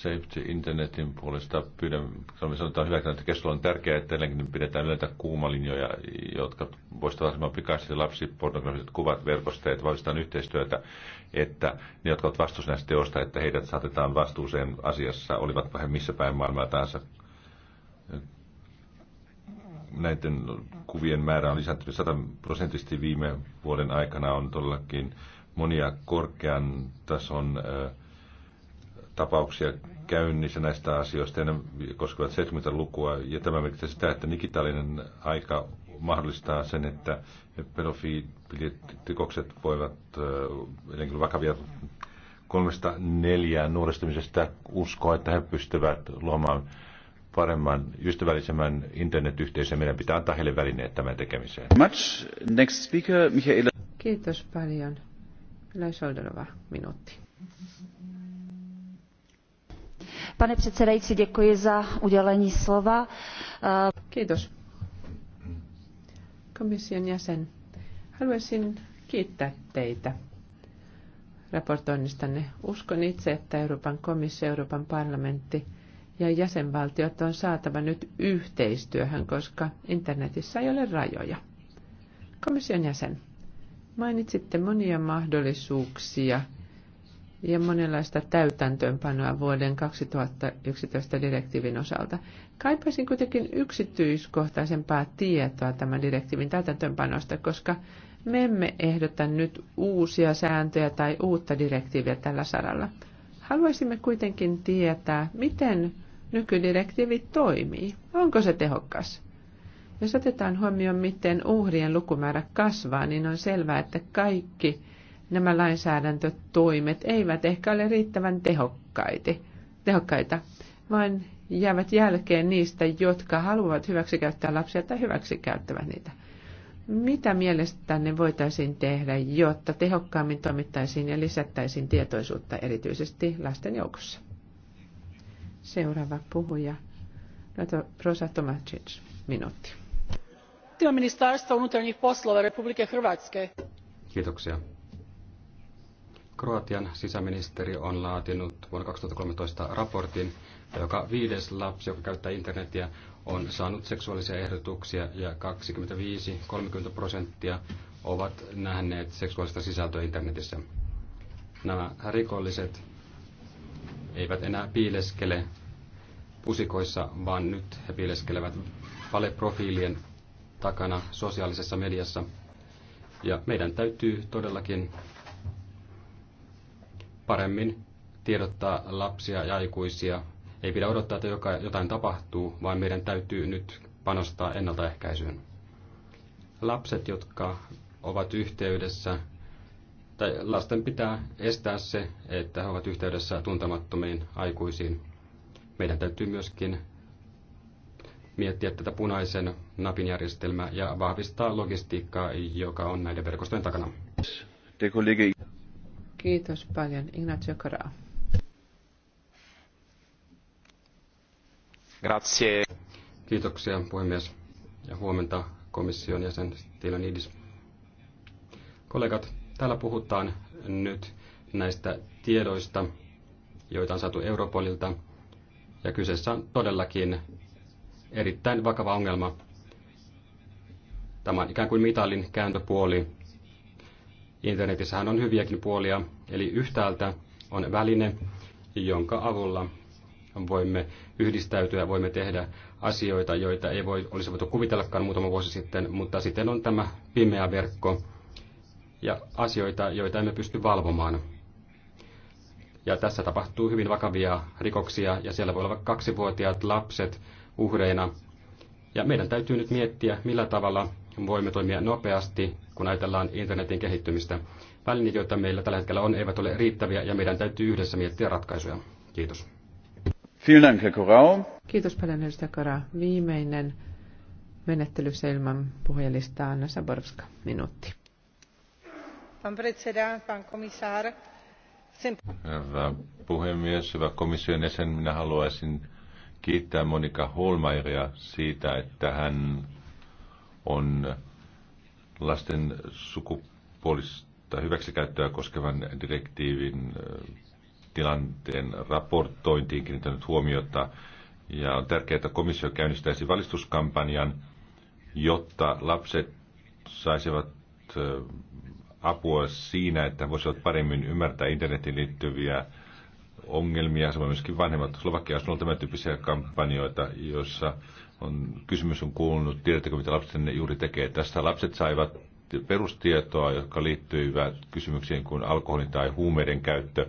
Safety Internetin puolesta pyydän, sanotaan hyvä, että keskustelu on tärkeää, että edelleenkin pidetään yleitä kuumalinjoja, jotka poistavat olla pikaisesti lapsipornografiset kuvat verkosta että vahvistetaan yhteistyötä, että ne, jotka ovat vastuussa näistä teosta, että heidät saatetaan vastuuseen asiassa, olivat he missä päin maailmaa tahansa. Näiden kuvien määrä on lisääntynyt 100 prosenttisesti viime vuoden aikana on todellakin monia korkean tason äh, tapauksia käynnissä näistä asioista ja ne koskevat 70-lukua. Ja tämä merkitsee sitä, että digitaalinen aika mahdollistaa sen, että pedofiilitikokset voivat äh, vakavia kolmesta neljään nuoristumisesta uskoa, että he pystyvät luomaan paremman, ystävällisemmän internetyhteisön. Meidän pitää antaa heille välineet tämän tekemiseen. Much. Next speaker, Michaela. Kiitos paljon. Yleisoldelova minuutti. Pane předsedající, děkuji za udělení slova. Kiitos. Komission jäsen, haluaisin kiittää teitä raportoinnistanne. Uskon itse, että Euroopan komissio, Euroopan parlamentti ja jäsenvaltiot on saatava nyt yhteistyöhön, koska internetissä ei ole rajoja. Komission jäsen, mainitsitte monia mahdollisuuksia ja monenlaista täytäntöönpanoa vuoden 2011 direktiivin osalta. Kaipaisin kuitenkin yksityiskohtaisempaa tietoa tämän direktiivin täytäntöönpanosta, koska me emme ehdota nyt uusia sääntöjä tai uutta direktiiviä tällä saralla. Haluaisimme kuitenkin tietää, miten nykydirektiivi toimii. Onko se tehokas? Jos otetaan huomioon, miten uhrien lukumäärä kasvaa, niin on selvää, että kaikki – nämä lainsäädäntötoimet eivät ehkä ole riittävän tehokkaita, vaan jäävät jälkeen niistä, jotka haluavat hyväksikäyttää lapsia tai hyväksikäyttävät niitä. Mitä mielestänne voitaisiin tehdä, jotta tehokkaammin toimittaisiin ja lisättäisiin tietoisuutta erityisesti lasten joukossa? Seuraava puhuja, Rosa Tomacic, minuutti. Ministarstvo unutarnjih poslova Republike Hrvatske. Kiitoksia. Kroatian sisäministeri on laatinut vuonna 2013 raportin, joka viides lapsi, joka käyttää internetiä, on saanut seksuaalisia ehdotuksia ja 25-30 prosenttia ovat nähneet seksuaalista sisältöä internetissä. Nämä rikolliset eivät enää piileskele pusikoissa, vaan nyt he piileskelevät valeprofiilien takana sosiaalisessa mediassa. Ja meidän täytyy todellakin paremmin tiedottaa lapsia ja aikuisia. Ei pidä odottaa, että joka, jotain tapahtuu, vaan meidän täytyy nyt panostaa ennaltaehkäisyyn. Lapset, jotka ovat yhteydessä, tai lasten pitää estää se, että he ovat yhteydessä tuntemattomiin aikuisiin. Meidän täytyy myöskin miettiä tätä punaisen napin järjestelmää ja vahvistaa logistiikkaa, joka on näiden verkostojen takana. Kiitos paljon, Ignacio Corao. Grazie. Kiitoksia puhemies ja huomenta komission jäsen Stilanidis. Kollegat, täällä puhutaan nyt näistä tiedoista, joita on saatu Europolilta. Ja kyseessä on todellakin erittäin vakava ongelma. Tämä on ikään kuin mitalin kääntöpuoli Internetissähän on hyviäkin puolia, eli yhtäältä on väline, jonka avulla voimme yhdistäytyä, voimme tehdä asioita, joita ei voi, olisi voitu kuvitellakaan muutama vuosi sitten, mutta sitten on tämä pimeä verkko ja asioita, joita emme pysty valvomaan. Ja tässä tapahtuu hyvin vakavia rikoksia ja siellä voi olla kaksivuotiaat lapset uhreina. Ja meidän täytyy nyt miettiä, millä tavalla voimme toimia nopeasti kun ajatellaan internetin kehittymistä. Välineet, joita meillä tällä hetkellä on, eivät ole riittäviä ja meidän täytyy yhdessä miettiä ratkaisuja. Kiitos. Kiitos paljon, edustaja Kara. Viimeinen menettelyssä ilman puhujalistaa Anna Saborska. Minuutti. Pan predseda, pan komissaar. Herra puhemies, hyvä komission jäsen, minä haluaisin kiittää Monika Holmairia siitä, että hän on lasten sukupuolista hyväksikäyttöä koskevan direktiivin tilanteen raportointiin kiinnittänyt huomiota. Ja on tärkeää, että komissio käynnistäisi valistuskampanjan, jotta lapset saisivat apua siinä, että voisivat paremmin ymmärtää internetin liittyviä ongelmia, samoin myöskin vanhemmat. Slovakia on ollut tämän tyyppisiä kampanjoita, joissa on, kysymys on kuulunut, tiedättekö mitä lapsenne juuri tekee. Tästä lapset saivat perustietoa, jotka liittyivät kysymyksiin kuin alkoholin tai huumeiden käyttö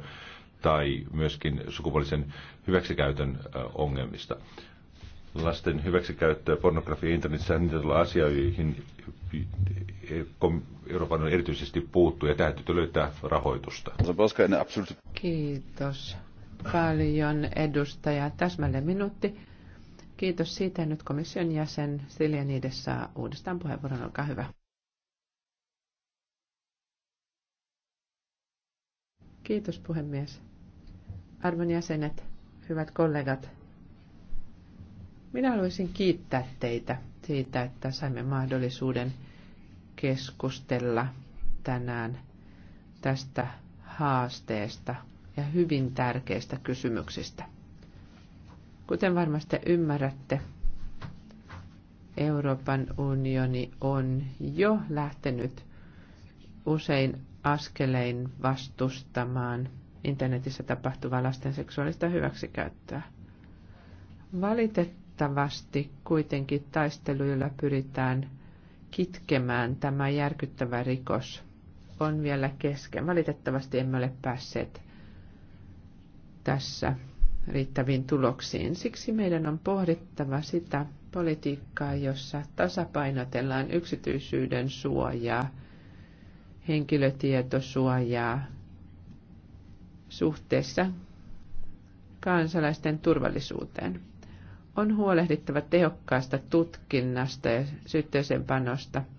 tai myöskin sukupuolisen hyväksikäytön ongelmista. Lasten hyväksikäyttö, pornografia internetissä, niitä tulee asioihin, e, Euroopan on erityisesti puuttu ja täytyy löytää rahoitusta. Kiitos paljon edustaja. Täsmälleen minuutti. Kiitos siitä. Nyt komission jäsen Silja Niides saa uudestaan puheenvuoron. Olkaa hyvä. Kiitos puhemies. Arvon jäsenet, hyvät kollegat. Minä haluaisin kiittää teitä siitä, että saimme mahdollisuuden keskustella tänään tästä haasteesta ja hyvin tärkeistä kysymyksistä. Kuten varmasti ymmärrätte, Euroopan unioni on jo lähtenyt usein askelein vastustamaan internetissä tapahtuvaa lasten seksuaalista hyväksikäyttöä. Valitettavasti kuitenkin taisteluilla pyritään kitkemään tämä järkyttävä rikos on vielä kesken. Valitettavasti emme ole päässeet tässä riittäviin tuloksiin. Siksi meidän on pohdittava sitä politiikkaa, jossa tasapainotellaan yksityisyyden suojaa, henkilötietosuojaa suhteessa kansalaisten turvallisuuteen. On huolehdittava tehokkaasta tutkinnasta ja syytteeseen panosta –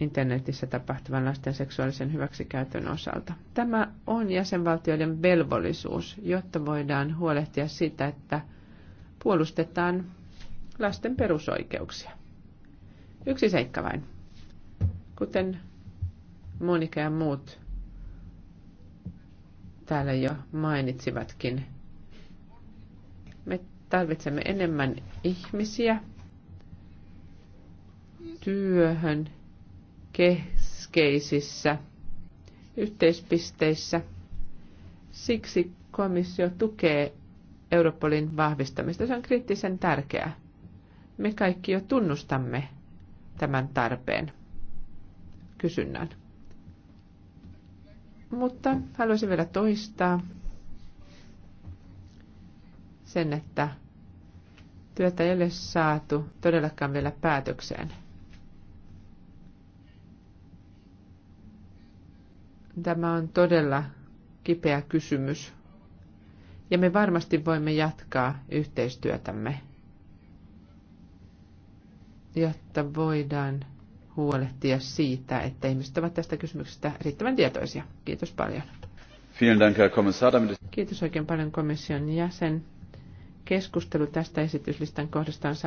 internetissä tapahtuvan lasten seksuaalisen hyväksikäytön osalta. Tämä on jäsenvaltioiden velvollisuus, jotta voidaan huolehtia siitä, että puolustetaan lasten perusoikeuksia. Yksi seikka vain. Kuten Monika ja muut täällä jo mainitsivatkin, me tarvitsemme enemmän ihmisiä työhön keskeisissä yhteispisteissä. Siksi komissio tukee Europolin vahvistamista. Se on kriittisen tärkeää. Me kaikki jo tunnustamme tämän tarpeen kysynnän. Mutta haluaisin vielä toistaa sen, että työtä ei ole saatu todellakaan vielä päätökseen. Tämä on todella kipeä kysymys. Ja me varmasti voimme jatkaa yhteistyötämme, jotta voidaan huolehtia siitä, että ihmiset ovat tästä kysymyksestä riittävän tietoisia. Kiitos paljon. Kiitos oikein paljon komission jäsen. Keskustelu tästä esityslistan kohdasta on saatu